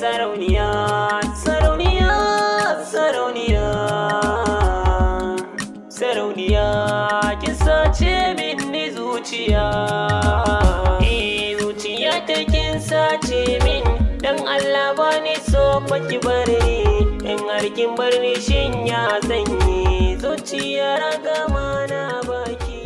sarauniya sarauniya sarauniya sarauniya kin sace minni zuciya eh zuciya ta kin sace min dan Allah bani so ki bare dan harkin bar ni shin ya sanye zuciya ragama na baki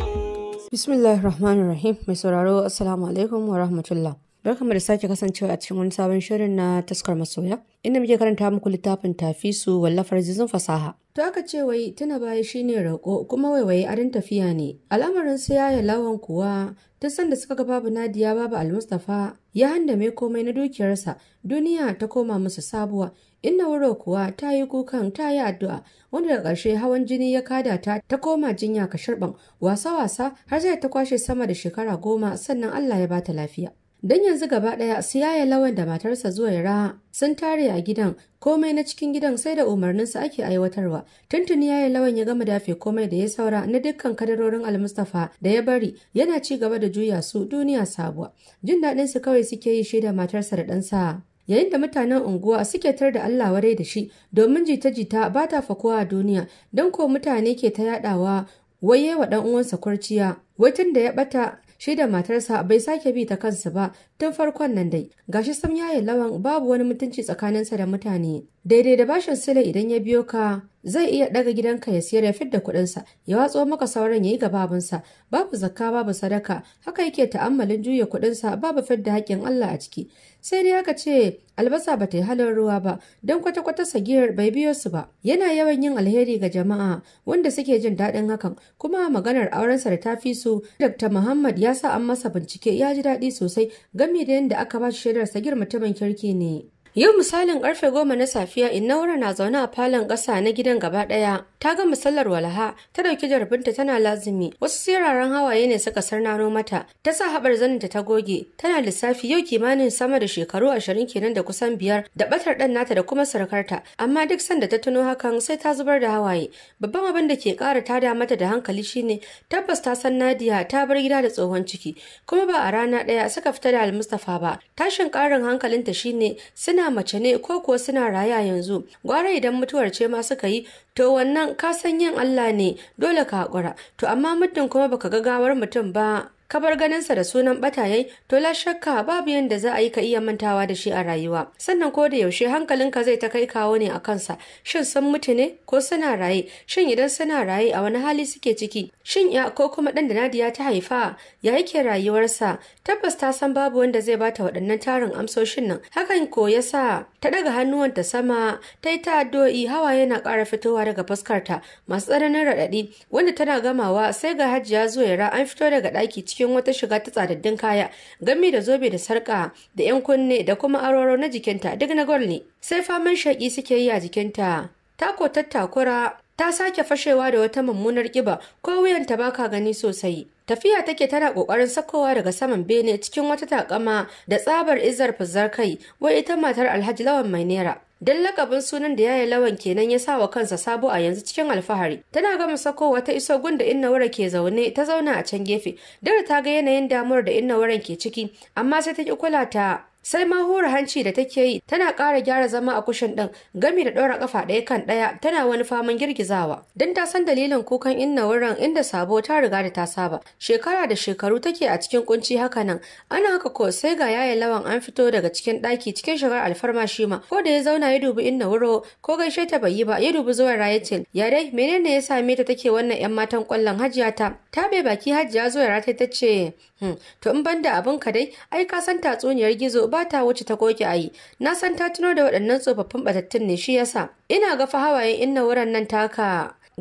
bismillahir rahmanir rahim mai sauraro assalamu alaikum wa rahmatullah Barkamu da sake kasancewa a cikin wani sabon shirin na taskar masoya, inda muke karanta muku littafin tafisu wallafar zizin fasaha. To aka ce wai tuna baya shine raƙo kuma waiwaye adon tafiya ne. Al'amarin su yaya lawan kuwa ta san da suka ga babu Nadiya babu Almustafa ya handame komai na dukiyarsa duniya ta koma musu sabuwa inna wuro kuwa ta yi kukan ta yi addu'a wanda daga ƙarshe hawan jini ya kada ta ta koma jinya ka sharban wasa wasa har zai ta kwashe sama da shekara goma sannan Allah ya bata lafiya Don yanzu gaba ɗaya su yaye lawan da matarsa zuwa raha sun tare a gidan komai na cikin gidan sai da umarninsa ake aiwatarwa. Tuntuni yaya lawan ya gama dafe komai da ya saura na dukkan kadarorin Almustafa da ya bari yana ci gaba da juya su duniya sabuwa. Jin daɗin su kawai suke yi shaida matarsa da ɗansa. Yayin da mutanen unguwa suke tar da Allah warai da shi domin jita-jita ba ta fakuwa a duniya don ko mutane ke ta yaɗawa waye wa ɗan uwansa kurciya wai tun da ya ɓata shi da matarsa bai sake bi ta kansu ba tun farkon nan dai gashi sam yayin lawan babu wani mutunci tsakaninsa da mutane daidai da bashin sile idan ya biyo ka zai iya daga gidanka ya siyar ya fidda kuɗinsa ya watso maka sauran ya yi ga gababinsa babu zakka babu sadaka haka yake ta'ammalin juya kuɗinsa babu fidda haƙƙin Allah a ciki sai dai aka ce albasa ba ta yi halin ruwa ba don kwata-kwata sagiyar bai biyo su ba yana yawan yin alheri ga jama'a wanda suke jin daɗin hakan kuma maganar aurensa da ta fi su dr muhammad ya sa an masa bincike ya ji daɗi sosai gami da yadda aka ba shi shaidar sagir mutumin kirki ne Yau misalin karfe goma na safiya Innaura na zaune a falon ƙasa na gidan gaba ɗaya. Ta ga musallar walaha, ta ɗauki jarbinta tana lazimi. Wasu siraran hawaye ne suka sarnano mata. Ta sa haɓar zaninta ta goge. Tana lissafi yau kimanin sama da shekaru ashirin kenan da kusan biyar da ɓatar ɗan nata da kuma surukarta. Amma duk sanda ta tuno hakan sai ta zubar da hawaye. Babban abin da ke ƙara tada mata da hankali shine tabbas ta san Nadiya ta bar gida da tsohon ciki. Kuma ba a rana ɗaya suka fita da Almustafa ba. Tashin ƙarin hankalinta shine suna suna mace ne ko kuwa suna raya yanzu gwara idan mutuwar ce ma suka yi to wannan ka san yin Allah ne dole ka haƙura to amma muddin kuma baka ga gawar mutum ba ka bar ganinsa da sunan bataye to la shakka babu yadda za a yi ka iya mantawa da shi a rayuwa sannan ko da yaushe hankalinka zai ta kai kawo ne a kansa shin sun mutu ne ko suna raye shin idan suna raye a wani hali suke ciki shin ya ko kuma ɗan da Nadiya ta haifa ya yake rayuwarsa tabbas ta san babu wanda zai bata waɗannan tarin amsoshin nan hakan ko ya ta daga hannuwanta sama ta yi ta addu'o'i hawa yana ƙara fitowa daga fuskarta masu tsananin raɗaɗi wanda tana gamawa sai ga hajiya ra an fito daga ɗaki cikin cikin wata shiga ta tsadaddin kaya gami da zobe da sarka da yan kunne da kuma aroro na jikinta duk na gol ne sai faman shaƙi suke yi a jikinta tako tattakura ta sake fashewa da wata mummunar ƙiba ko wuyanta baka gani sosai tafiya take tana kokarin sakowa daga saman bene cikin wata takama da tsabar izar fuzar kai wai ita matar alhaji lawan mai naira don lakabin sunan da yaya lawan kenan ya sa wa kansa sabo a yanzu cikin alfahari tana gama sakowa ta iso gunda inna ke zaune ta zauna a can gefe dare ta ga yanayin damuwar da inna ke ciki amma sai ta ki kula ta sai ma hura hanci da take yi tana ƙara gyara zama a kushin ɗin gami da ɗora ƙafa ɗaya kan ɗaya tana wani faman girgizawa don ta san dalilin kukan inna wurin inda sabo ta riga da ta saba shekara da shekaru take a cikin kunci haka nan ana haka ko sai ga yaya lawan an fito daga cikin ɗaki cikin shigar alfarma shi ma ko da ya zauna ya dubi inna wuro ko gaishe ta bai yi ba ya dubi zuwa rayatin ya dai menene ya same ta take wannan yan matan kwallon hajiya ta ta bai baki hajiya zuwa rata ta ce hmm, to in banda abin ka dai ai ka san tatsuniyar gizo ba ta wuce ta goge ayi na san ta tuno da waɗannan tsofaffin batattun ne shi yasa ina ga fa hawayen inna wurin nan taka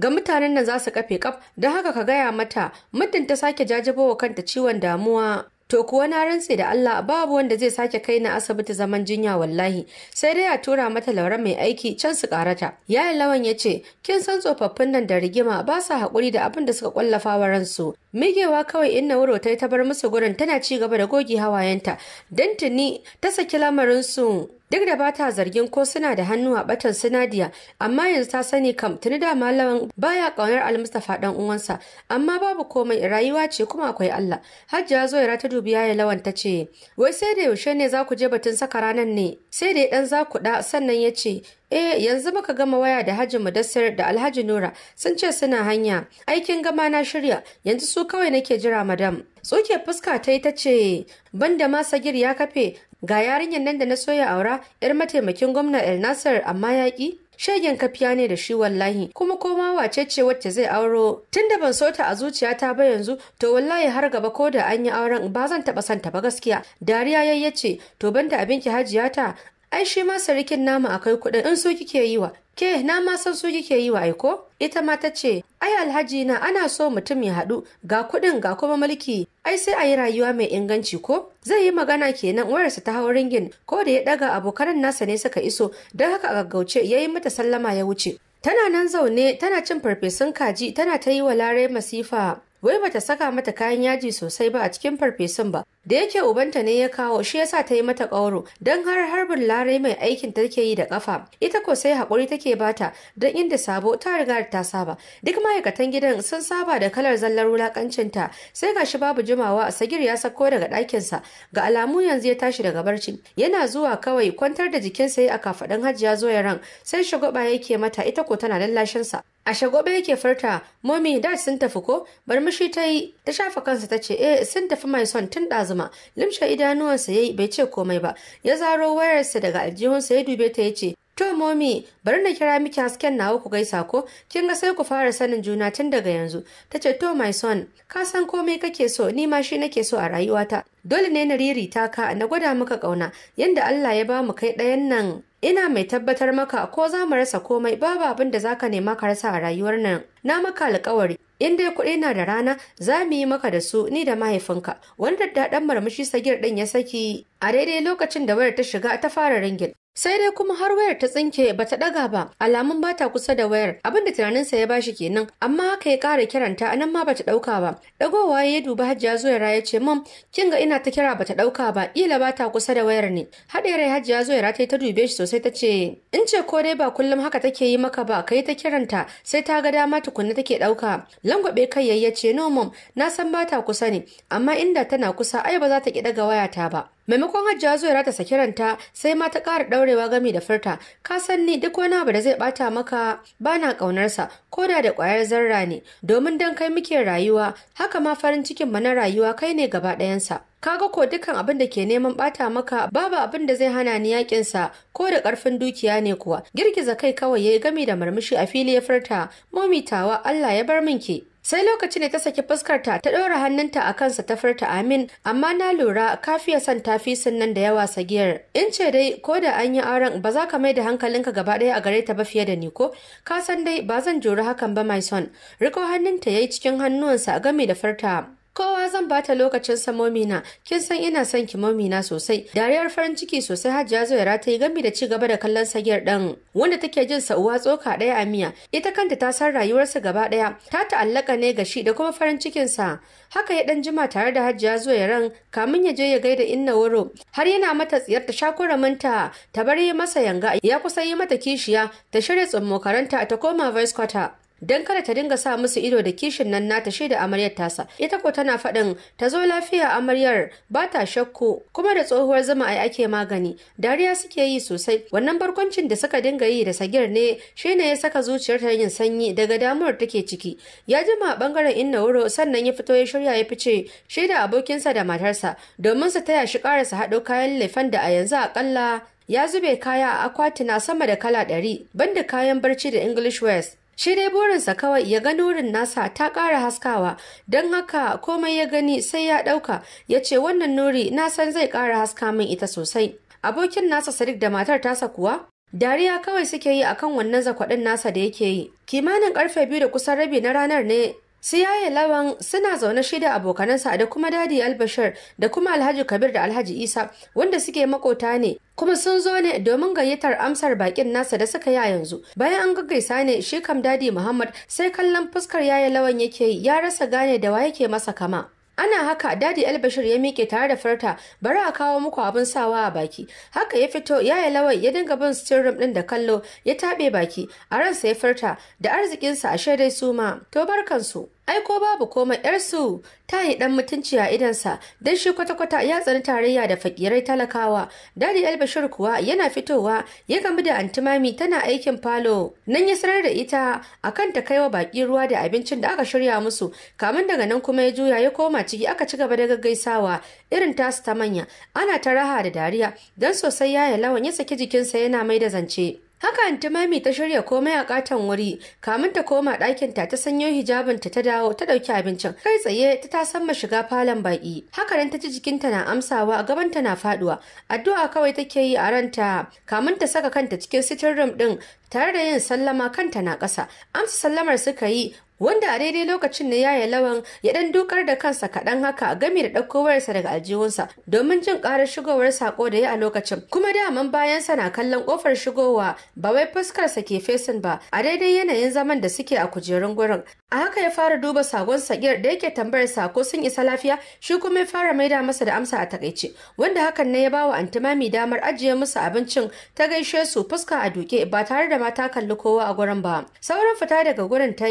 ga mutanen nan za su kafe kaf don haka ka gaya mata muddin ta sake jajibowa kanta ciwon damuwa To kuwa na rantse da Allah babu wanda zai sake kai na asibiti zaman jinya wallahi sai dai a tura mata laura mai aiki can su karata. Yayin lawan ya ce kin san tsofaffin nan da rigima ba sa haƙuri da abin da suka kwallafa wa ransu migewa kawai inna wuro ta ta bar musu gurin tana ci gaba da goge hawayenta don tuni ta saki lamarinsu. duk da ba ta zargin ko suna da hannu a batan sinadiya amma yanzu ta sani kam tuni da malamin baya kaunar almustafa dan uwansa amma babu komai rayuwa ce kuma akwai Allah hajjia zoyara ta dubi yaya lawan ta ce wai sai da yaushe ne za ku je batun saka ranan ne sai da dan za ku da sannan ya ce eh yanzu muka gama waya da Hajji Mudassir da Alhaji Nura sun ce suna hanya aikin gama na shirya yanzu su kawai nake jira madam tsoke fuska ta yi ta ce banda ma sagir ya kafe ga yarinyar nan da na soya aura yar mataimakin gwamna El Nasir amma yaƙi shegen kafiya ne da shi wallahi kuma koma wace ce wacce zai auro tun da ban so ta a zuciyata ba yanzu to wallahi har gaba ko da an yi auren ba zan taɓa santa ba gaskiya dariya yayyace to banda abinki hajiyata ai shi ma sarikin nama akai kuɗin in su kike yi wa ke na ma san su kike yi wa aiko ita ma ta ce ai alhaji na ana so mutum ya haɗu ga kuɗin ga kuma mulki ai sai a yi rayuwa mai inganci ko zai yi magana kenan wayarsa ta hau ringin ko da ya ɗaga abokanan nasa ne suka iso don haka a gaggauce ya yi mata sallama ya wuce tana nan zaune tana cin farfesun kaji tana ta yi wa larai masifa wai bata saka mata kayan yaji sosai ba a cikin farfesun ba da yake ubanta ne ya kawo shi yasa ta yi mata ƙauro don har harbin larai mai aikin ta take yi da ƙafa ita ko sai haƙuri take bata don inda sabo ta riga ta saba duk ma'aikatan gidan sun saba da kalar zallar wulakancin ta sai gashi babu jimawa a sagir ya sako daga ɗakinsa ga alamu yanzu ya tashi daga barci yana zuwa kawai kwantar da jikinsa ya a kafaɗin hajiya zoya ran sai shagwaba yake mata ita ko tana lallashinsa A shagobe yake furta, momi dad sun tafi ko?" mishi ta yi, ta shafa kansa ta ce, "Eh, sun tafi mai son tun ɗazu azuma limshe idanuwansa yi bai ce komai ba ya zaro wayarsa daga aljihunsa ya dube ta ya ce. To momi bari na kira miki hasken nawa ku gaisa ko kin ga sai ku fara sanin juna tun daga yanzu Ta ce to my son ka san komai kake so ni ma shi nake so a rayuwata dole ne na ririta ka na gwada maka kauna yanda Allah ya ba mu kai ɗayan nan ina mai tabbatar maka ko za mu rasa komai babu abin da zaka nema ka rasa a rayuwar nan na maka alkawari in dai kuɗi na da rana za mu yi maka da su ni da mahaifinka wanda daɗan marmashi sagir ɗin ya saki a daidai lokacin da wayar ta shiga ta fara ringin sai dai kuma har wayar ta tsinke ta ɗaga ba alamun ba ta kusa da wayar abinda tunaninsa ya bashi kenan amma haka ya kara kiranta nan ma ba ta ɗauka ba dagowa ya duba hajiya zuwaira ya ce mam kin ga ina ta kira ba ta ɗauka ba ila ta kusa da wayar ne haɗe rai hajiya zuwaira ta yi ta dube shi sosai ta ce in ce ko dai ba kullum haka take yi maka ba kai ta kiranta sai ta ga dama tukunna take ɗauka. langwabe kai ya ce no mam na san ba ta kusa ne amma inda tana kusa ai ba za ta ki daga wayata ba maimakon Hajja zuwa rata saki ranta sai ma ta ƙara ɗaurewa gami da furta ka san ni duk wani abu da zai ɓata maka ba na ƙaunarsa ko da da ƙwayar zarra ne domin dan kai muke rayuwa haka ma farin cikin mana rayuwa kai ne gaba ɗayansa kaga ko dukkan abin da ke neman ɓata maka babu abin da zai hana ni yakin ko da karfin dukiya ne kuwa girgiza kai kawai yayi gami da murmushi a fili ya furta Mumitawa, Allah ya bar min ki sai lokacin ne ta saki fuskarta ta ɗora hannunta a kansa ta furta amin amma na lura ka fiye son tafi nan da yawa sagiyar in ce dai ko da an yi auren ba za ka mai da hankalinka gaba ɗaya a gare ta ba fiye da ni ko ka san dai ba zan jori hakan ba mai son riko hannunta ya yi cikin hannuwansa a game da furta kowa zan bata lokacin sa momina kin san ina son ki momina sosai dariyar farin ciki sosai hajiya zuwaira ta yi gami da ci gaba da kallon sagiyar dan wanda take jin sa uwa tsoka daya a miya ita kanta ta san rayuwarsa gaba daya ta ta'allaka ne ga shi da kuma farin cikin sa haka ya dan jima tare da hajiya ran kamin ya je ya gaida inna woro har yana mata tsiyar ta shakura manta ta bari masa yanga ya kusa yi mata kishiya ta shirya tsummokaranta ta koma vice quarter don kada ta dinga sa musu ido da kishin nan nata shaida amaryar tasa ita ko tana faɗin ta zo lafiya amaryar ba ta shakku kuma da tsohuwar zama ai ake magani dariya suke yi sosai wannan barkwancin da suka dinga yi da sagir ne shi ne ya saka zuciyar ta yin sanyi daga damuwar take ciki ya jima a bangaren inna wuro sannan ya fito ya shirya ya fice shaida abokinsa da matarsa domin su taya shi karasa haɗo kayan lefan da a yanzu aƙalla. ya zube kaya a akwatina sama da kala ɗari banda kayan barci da english west Shi dai burinsa kawai ya ga nurin nasa ta ƙara haskawa, don haka komai ya gani sai ya ɗauka, ya ce wannan nuri na san zai ƙara haska min ita sosai. Abokin nasa Sadiq da matar tasa kuwa? Dariya kawai suke yi akan wannan zakwaɗin nasa da yake yi. Kimanin ƙarfe biyu da kusan rabi na ranar ne su yaye lawan suna zaune shida abokanansa da kuma dadi albashir da kuma alhaji kabir da alhaji isa wanda suke makota ne kuma sun zo ne domin gayyatar amsar bakin nasa da suka ya yanzu bayan an gaggaisa ne shi kam dadi muhammad sai kallon fuskar yaya lawan yake ya rasa gane da wa yake masa kama ana haka dadi albashir ya miƙe tare da farta bari a kawo muku abin sawa a baki haka ya fito ya yi lawai ya dinga bin sirrin ɗin da kallo ya taɓe baki a ransa ya farta da arzikinsa a shaidai su ma to barkansu ai ko babu komai yarsu ta yi ɗan mutunci a idansa don shi kwata-kwata ya tsani tarayya da fakirai talakawa dadi albashir kuwa yana fitowa ya gamu da antimami tana aikin falo nan ya sanar da ita akan ta kaiwa baki ruwa da abincin da aka shirya musu kamun daga nan kuma ya juya ya koma ciki aka ci gaba da gaggaisawa irin tasu ta manya ana ta raha da dariya don sosai ya lawan ya saki jikinsa yana mai da zance Haka anti mami ta shirya komai a katon wuri, kamun ta koma ɗakin ta ta sanyo hijabin ta ta dawo ta ɗauki abincin. Kai tsaye ta ta san shiga falon baƙi. Haka nan ta ji ta na amsawa, gabanta na faduwa. Addu'a kawai take yi a ranta, kamun ta saka kanta cikin sitting room ɗin tare da yin sallama kanta na ƙasa. Amsa sallamar suka yi wanda a daidai lokacin ne yaya lawan ya dan dukar da kansa kaɗan haka a gami da ɗauko wayarsa daga aljihunsa domin jin ƙarar shigowar sako da ya a lokacin kuma daman bayansa na kallon ƙofar shigowa ba wai fuskarsa ke fesin ba a daidai yanayin zaman da suke a kujerun gurin a haka ya fara duba sagon sakir da yake tambayar ko sun isa lafiya shi kuma ya fara maida masa da amsa a takaice wanda hakan ne ya ba wa antimami damar ajiye musu abincin ta gaishe su fuska a duke ba tare da mata kalli kowa a gurin ba sauran fita daga gurin ta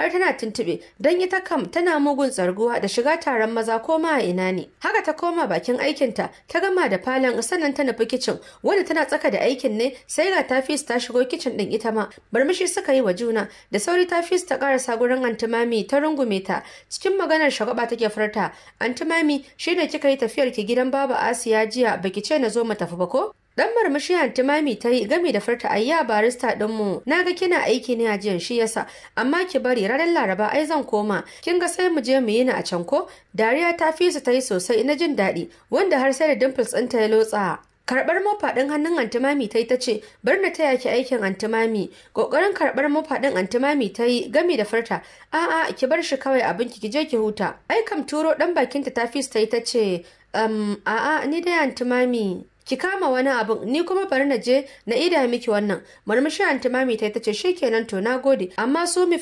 har tana tuntube don ita kam tana mugun tsarguwa da shiga taron maza ma a ina ne haka ta koma bakin aikinta ta gama da falon sannan ta nufi kicin wanda tana tsaka da aikin ne sai ga tafis ta shigo kicin din ita ma barmishi suka yi wa juna da sauri tafis ta karasa gurin antimami ta rungume ta cikin maganar shagaba take furta antimami shine kika yi tafiyar ki gidan baba asiya jiya baki ce na zo mu tafi ba ko Dan marmashi Antimami ta yi game da farta ayya barista ɗinmu. Na ga kina aiki ne a jiyan shi yasa, amma ki bari ranar Laraba ai zan koma. Kin ga sai mu je mu yi ni a can ko? Dariya ta fi su ta sosai na jin daɗi, wanda har sai da dimples ɗinta ya lotsa. karɓar mafaɗin hannun antimami ta yi ta ce bar na taya ki aikin antimami ƙoƙarin karɓar mafaɗin antimami ta gami da farta a'a ki bar shi kawai abin ki je ki huta ai turo ɗan bakinta ta fi ta yi ta ce a'a ni dai antimami ki kama wani abin ni kuma bari na je na ida miki wannan murmushi anti mami ta tace shikenan to na gode amma su mi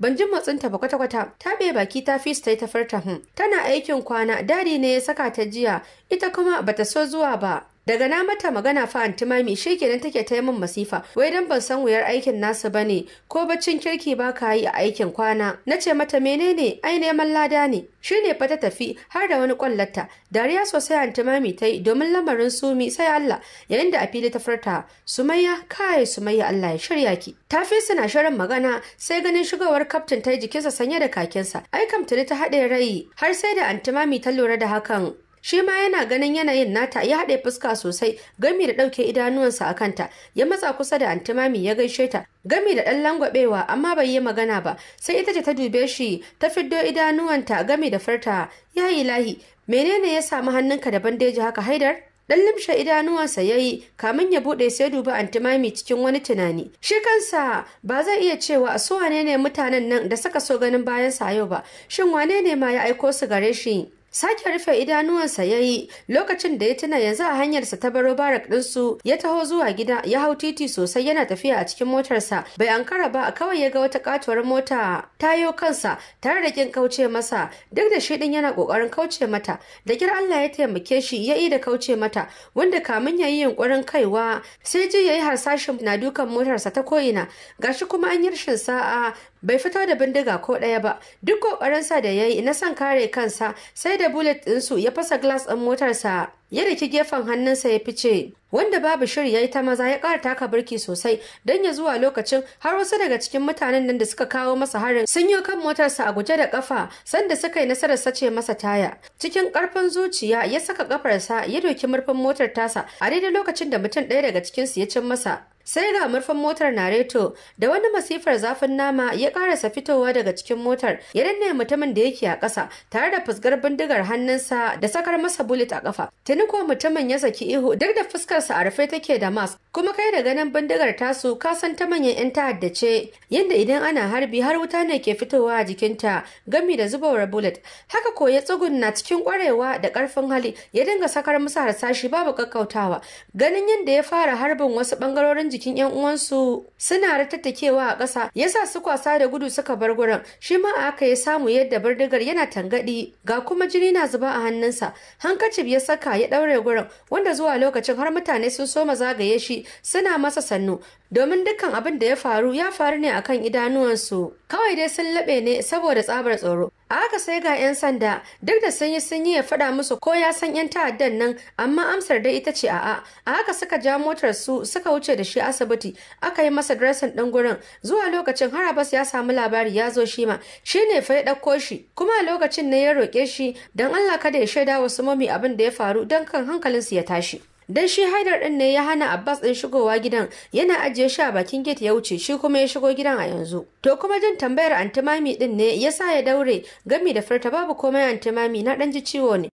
ban jin matsin ta ba kwata kwata ta be baki ta fi ta ta farta hun hmm. tana aikin kwana dadi ne ya saka ta jiya ita kuma bata so zuwa ba daga na mata magana fa antimami shi kenan take ta min masifa wai dan ban san wuyar aikin nasu ba ne. ko baccin kirki ba ka yi a aikin kwana Na ce mata menene ai neman lada ne shi ne fa ta tafi har da wani kwallata dariya sosai antimami ta yi domin lamarin sumi sai Allah yayin da a fili ta furta sumayya kai sumayya Allah ya shirya ki tafi suna shirin magana sai ganin shigowar kaftin ta yi jikinsa sanye da kakinsa ai kamtani ta haɗe rai har sai da antimami ta lura da hakan shi ma yana ganin yanayin nata ya haɗe fuska sosai gami da ɗauke idanuwansa a kanta ya matsa kusa da antimami ya gaishe ta gami da ɗan langwaɓewa amma bai yi magana ba sai ita ce ta dube shi ta fiddo idanuwanta gami da farta ya yi lahi menene ya samu hannunka da bandeji haka haidar Ɗan limshe idanuwansa ya yi kamin ya buɗe sai duba antimami cikin wani tunani shi kansa ba zai iya cewa su wane ne mutanen nan da suka so ganin bayansa yau ba shin wane ne ma ya aiko su gare shi Sake rufe idanuwansa ya yi lokacin da ya tuna yanzu a hanyarsa ta baro barak ɗinsu ya taho zuwa gida ya hau titi sosai yana tafiya a cikin motarsa bai ankara ba kawai ya ga wata katuwar mota tayo kansa tare da kin kauce masa duk da shi ɗin yana ƙoƙarin kauce mata da kira Allah ya taimake shi ya yi da kauce mata wanda kamin ya yi yunkurin kaiwa sai ji ya yi harsashin na dukan motarsa ta ko'ina gashi kuma an yi rashin sa'a bai fito da bindiga ko ɗaya ba duk ƙoƙarinsa da ya yi na san kare kansa sai da bullet su, ya fasa glass ɗin motarsa ya daki gefen hannunsa ya fice wanda babu shiri ya yi ta maza ya ƙara taka birki sosai don ya zuwa lokacin har wasu daga cikin mutanen nan da suka kawo masa harin sun yi kan motarsa a guje da ƙafa sanda suka yi nasarar sace masa taya cikin ƙarfin zuciya ya saka ƙafarsa ya doki murfin motar tasa a daidai lokacin da mutum ɗaya daga cikinsu ya cin masa sai da murfin motar nareto da wani masifar zafin nama ya karasa fitowa daga cikin motar ya danne mutumin da yake a ƙasa tare da fusgar bindigar hannunsa da sakar masa bullet a kafa. tuni ko mutumin ya saki ihu duk da fuskarsa a rufe take da mask kuma kai da ganin bindigar tasu ka san ta manyan yan ta'adda ce yadda idan ana harbi har wuta ne ke fitowa a jikinta gami da zubawar bullet haka ko ya tsugunna cikin kwarewa da ƙarfin hali ya dinga sakar masa harsashi babu kakkautawa ganin yadda ya fara harbin wasu ɓangarorin jikin yan uwansu suna ratattakewa a ƙasa yasa su kwasa da gudu suka bar gurin shi ma a haka ya samu yadda bardigar yana tangadi ga kuma jini na zuba a hannunsa hankacif ya saka ya ɗaure gurin wanda zuwa lokacin har mutane sun soma zagaye shi suna masa sannu domin dukkan abin da ya faru ya faru ne akan idanuwansu kawai dai sun laɓe ne saboda tsabar tsoro a haka sai ga 'yan sanda duk da sun yi sun yi ya faɗa musu ko ya san 'yan ta'addan nan amma amsar dai ita ce a'a a haka suka ja motar su suka wuce da shi shi asibiti aka yi masa dressing ɗin gurin zuwa lokacin har Abbas ya samu labari ya zo shi ma shi ne fa ya ɗauko shi kuma a lokacin ne ya roƙe shi don Allah kada ya shaida wa su mami abin da ya faru dan kan hankalin hankalinsu ya tashi. dan shi haidar ɗin ne ya hana abbas ɗin shigowa gidan yana ajiye shi a bakin gate ya wuce shi kuma ya shigo gidan a yanzu to kuma jin tambayar antimami ɗin ne ya sa ya daure gami da furta babu komai antimami na ɗan ji ciwo ne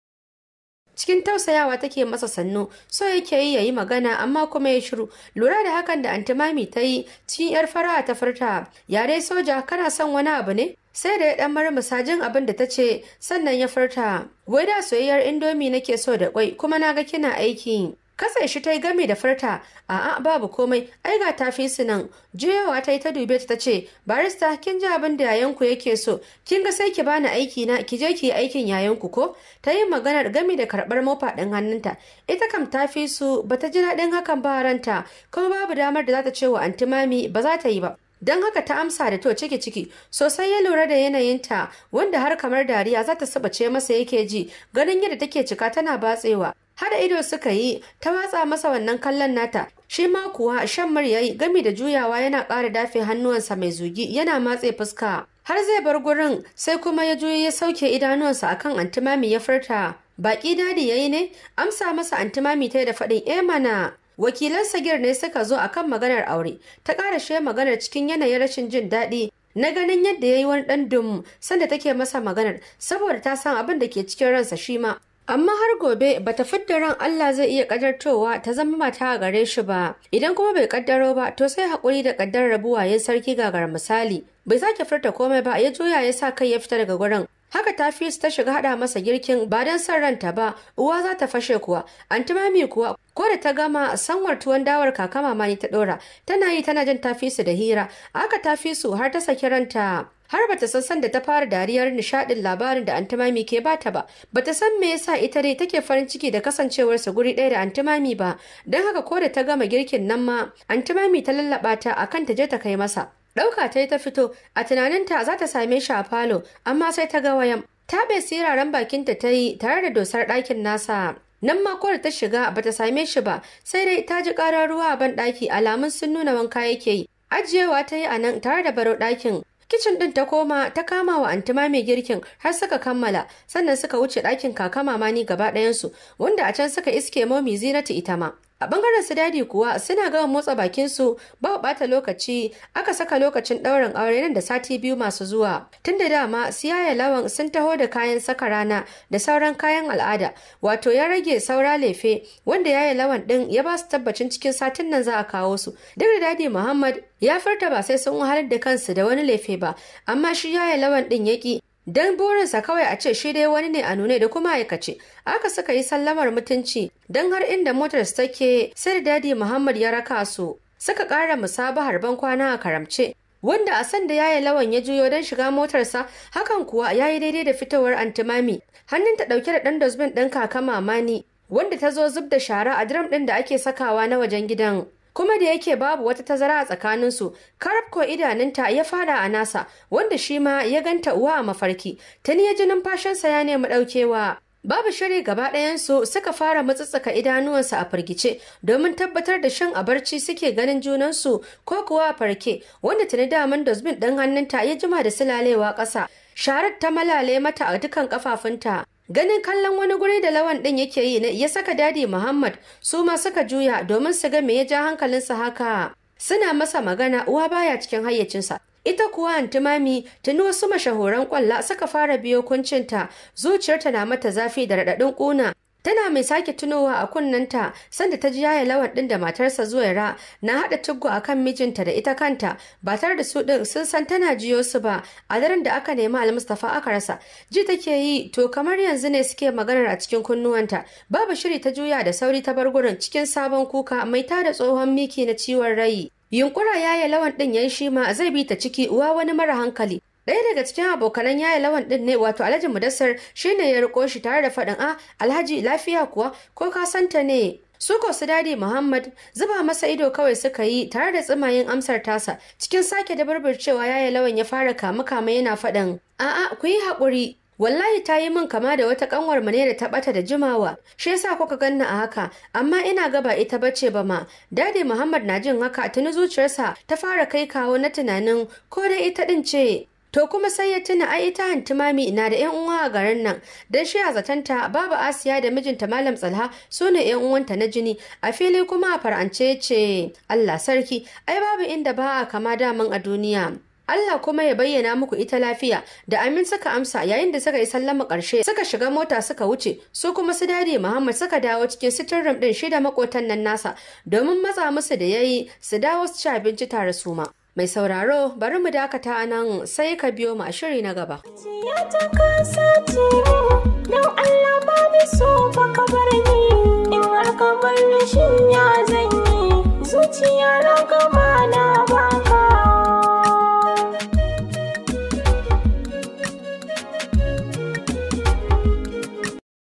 cikin tausayawa take masa sannu so yake yi yayi magana amma kuma ya shiru lura da hakan da antimami ta yi cikin yar farawa ta furta ya dai soja kana son wani abu ne sai da ya dan marmasa masajin abin da ta ce sannan ya furta wai da soyayyar indomi nake so da kwai kuma na ga kina aiki kasa shi ta yi game da farta a'a babu komai ai ga tafi su nan juyawa ta yi ta dube ta ce barista kin ji abin da yayanku yake so kin ga sai ki bani aiki na ki je ki yi aikin yayanku ko ta yi magana, gami da karɓar mofa ɗin hannunta ita kam tafi su bata ji daɗin hakan ba ranta kuma babu damar da za ta ce wa anti mami ba za ta yi ba don haka ta amsa da to ciki ciki sosai ya lura da yanayinta wanda har kamar dariya za ta saba ce masa yake ji ganin yadda take cika tana batsewa har ido suka yi ta watsa masa wannan kallon nata shi ma kuwa shan muryayi gami da juyawa yana ƙara dafe hannuwansa mai zugi yana matse fuska har zai bar gurin sai kuma ya juya ya sauke idanuwansa akan antimami ya furta baki dadi yayi ne amsa masa antimami ta da faɗin eh mana wakilan sagir ne suka zo akan maganar aure ta ƙara she maganar cikin yanayin rashin jin daɗi na ganin yadda yayi wani ɗan dum sanda take masa maganar saboda ta san abin da ke cikin ransa shi ma Amma har gobe bata fidda ran Allah zai iya kaddartowa ta zama mata a gare shi ba. Idan kuma bai kaddaro ba to sai haƙuri da kaddar rabuwa ya sarki gagar misali. Bai sake furta komai ba ya juya ya sa kai ya fita daga gurin. Haka ta fi ta shiga haɗa masa girkin ba don son ranta ba, uwa za ta fashe kuwa, antimami kuwa ko da ta gama sanwar tuwon dawar kaka mamani ta ɗora, tana yi tana jin Tafisu da hira, aka Tafisu har ta saki ranta har ba ta san sanda ta fara dariyar nishadin labarin da antimami ke bata ba ba ta san me yasa ita dai take farin ciki da kasancewarsa guri ɗaya da antimami ba don haka ko da ta gama girkin nan ma antimami ta lallaba ta akan ta je ta kai masa ɗauka ta yi ta fito a tunaninta za ta same shi a falo amma sai ta ga wayan ta bai siraran bakinta ta yi tare da dosar ɗakin nasa nan ma da ta shiga ba ta same shi ba sai dai ta ji ƙarar ruwa a ban ɗaki alamun sun nuna wanka yake yi ajiyewa ta yi a nan tare da baro ɗakin Kicin ɗin ta koma ta kama wa antima mai girkin har suka kammala sannan suka wuce ɗakin kaka mamani gaba ɗayansu wanda a can suka iske momi zinatu ita ma. A bangaren su dadi kuwa suna gama motsa bakin su ba bata lokaci aka saka lokacin ɗaurin aure nan da sati biyu masu zuwa. Tun da dama siyaya lawan sun taho da kayan saka rana da sauran kayan al'ada wato ya rage saura lefe wanda yaya lawan ɗin ya ba su tabbacin cikin satin nan za a kawo su. Duk da dadi Muhammad ya furta ba sai sun wahalar da kansu da wani lefe ba amma shi yaya lawan ɗin yaki don burinsa kawai a ce shi dai wani ne a nune da kuma aikace aka suka yi sallamar mutunci don har inda motar take sai dadi muhammad ya raka su suka ƙara musabahar ban kwana a karamce wanda a san da yayi lawan ya juyo don shiga motarsa hakan kuwa ya yi daidai da fitowar antimami Hannun ta ɗauke da ɗan dosbin ɗin kaka mamani wanda ta zo zub da shara a dram ɗin da ake sakawa na wajen gidan kuma da yake babu wata tazara a tsakaninsu karafko idanunta ya fada a nasa wanda shi ma ya ganta uwa a mafarki ni ya ji numfashinsa ya nemi ɗaukewa Babu shiri gaba ɗayansu suka fara matsatsaka idanuwansu a firgice domin tabbatar da shan abarci suke ganin junansu ko kuwa a farke wanda tuni daman dosbin ɗan hannunta ya jima da silalewa ƙasa. Sharar ta malale mata a dukan kafafunta. ganin kallon wani guri da lawan din yake yi ya saka dadi muhammad su ma suka juya domin su ga me ya ja hankalinsa haka suna masa magana uwa baya cikin hayyacinsa ita kuwa antimami tuni wasu mashahuran kwalla suka fara biyo kuncinta zuciyarta na mata zafi da raɗaɗin ƙuna Tana mai sake tunowa a kunnanta sanda ta ji yaya lawan ɗin da matarsa Zuwaira na haɗa tuggo akan mijinta da ita kanta ba tar da su ɗin sun san tana jiyo su ba a daren da aka nemi almustafa aka rasa. Ji take yi to kamar yanzu ne suke maganar a cikin kunnuwanta babu shiri ta juya da sauri ta bar gurin cikin sabon kuka mai tada tsohon miki na ciwon rayi. Yunkura yaya lawan ɗin yayi shi ma zai bi ta ciki uwa wani mara hankali Ɗaya daga cikin abokanan yi lawan ɗin ne wato Alhaji Mudassar shine ya riko shi tare da faɗin a ah, Alhaji lafiya kuwa ko ka santa ne Suko su dadi Muhammad zuba masa ido kawai suka yi tare da tsimayin amsar tasa cikin sake dabarbar cewa yaya lawan ya fara kama kama yana faɗin a'a ku yi haƙuri wallahi ta yi min kama da wata kanwar mu ne da ta bata da jimawa shi yasa kuka ganna a haka amma ina gaba ita bace ba ma dadi Muhammad na jin haka tuni zuciyarsa ta fara kai kawo na tunanin ko dai ita din ce To kuma sai ya tuna ai ita hanti mami ina da yan uwa a garin nan. Dan shi a zatanta babu Asiya da mijinta Malam Tsalha sune ne ƴan uwanta na jini. A fili kuma a farance ce Allah sarki ai babu inda ba a kama daman a duniya. Allah kuma ya bayyana muku ita lafiya da Amin suka amsa yayin da suka yi sallama ƙarshe suka shiga mota suka wuce su kuma su dade Muhammad suka dawo cikin sitirin ɗin shi da makotan nan nasa domin matsa musu da yayi su dawo su ci abinci tare su ma. Mai sauraro bari mu dakata a nan sai ka biyo mu a shiri na gaba. Don Allah ba ni so ba ka bar ni in har ka bar ni shin ya zan yi zuciya na gama na baka.